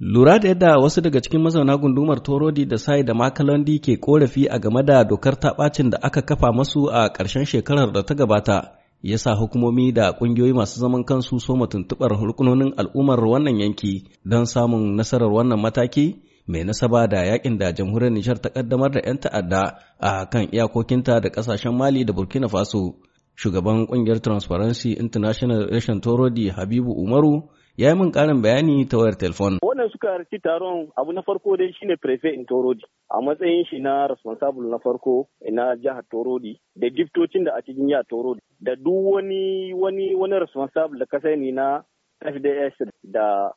Lura da yadda wasu daga cikin mazauna gundumar Torodi da Sai da Makalandi ke korafi a game da dokar taɓacin da aka kafa masu a ƙarshen shekarar da ta gabata, ya sa hukumomi da ƙungiyoyi masu zaman kansu so tuntuɓar rukunonin al'ummar wannan yanki don samun nasarar wannan mataki mai nasaba da yakin da jamhuriyar Nijar ta kaddamar da 'yan ta'adda a kan iyakokinta da ƙasashen Mali da Burkina Faso. Shugaban ƙungiyar Transparency International Rashin Torodi Habibu Umaru ya yi min karin bayani ta wayar telefon. Wannan suka harci taron abu na farko dai shine prefe in Torodi a matsayin shi na responsible na farko na jihar Torodi da giftocin da a cikin jihar Torodi da duk wani wani wani responsible da ka ni na FDS da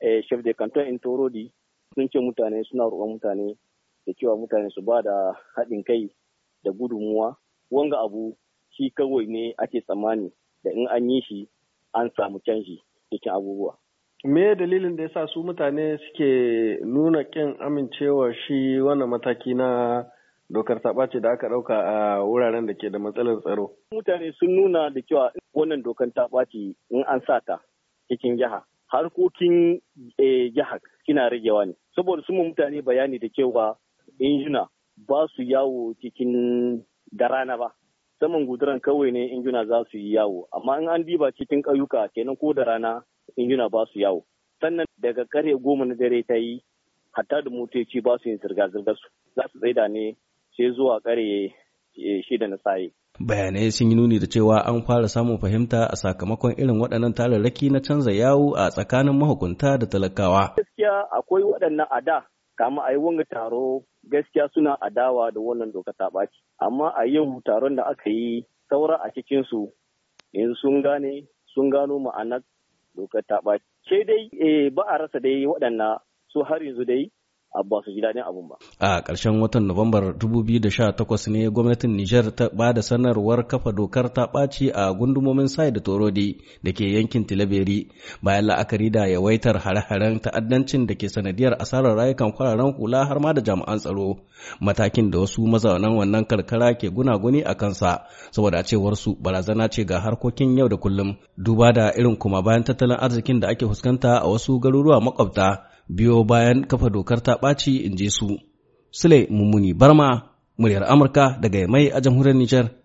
eh, chef de canton in Torodi sun ce mutane suna roƙon mutane da cewa mutane su ba da haɗin kai da gudunmuwa wanga abu shi kawai ne ake tsammani da in an yi shi an samu canji. yake abubuwa me dalilin da ya sa su mutane suke nuna kin amincewa shi wannan mataki na dokar ta ce da aka ɗauka a wuraren da ke da matsalar tsaro. Mutane sun nuna da cewa wannan dokar ta ɓaci in an sa ta cikin jiha. Harkokin eh, jihar kina ragewa ne. Saboda sun mutane bayani da cewa injina ba su yawo cikin da rana ba. saman guduran kawai ne injuna za su yi yawo amma in an diba cikin ƙauyuka kenan ko da rana injuna ba su yawo sannan daga karye goma na dare ta yi hatta da motoci ba su yin zirga-zirgar su za su tsaida ne sai zuwa karye eh, shida na saye. bayanai sun yi nuni da cewa an fara samun fahimta a sakamakon irin waɗannan tararraki na canza yawo a tsakanin mahukunta da talakawa. Gaskiya akwai waɗannan a da kama a yi wanga taro gaskiya suna adawa da wannan doka ta ɓaci amma a yau taron da aka yi saura a cikinsu su yanzu sun gane sun gano ma'anar doka ta ɓaci sai dai eh, ba a rasa dai waɗannan su har yanzu dai ba su ji abun ba. A ƙarshen watan Nuwambar 2018 ne gwamnatin Nijar ta ba da sanarwar kafa dokar ta ɓaci a gundumomin Sai da Torodi da ke yankin Tilaberi bayan la'akari da yawaitar hare-haren ta'addancin da ke sanadiyar asarar rayukan kwararen hula har ma da jami'an tsaro matakin da wasu mazaunan wannan karkara ke gunaguni a kansa saboda cewar su barazana ce ga harkokin yau da kullum duba da irin kuma bayan tattalin arzikin da ake fuskanta a wasu garuruwa makwabta biyo bayan kafa dokar ta ɓaci in je su. Sule Mummuni Barma, muryar Amurka daga mai a jamhuriyar Nijar.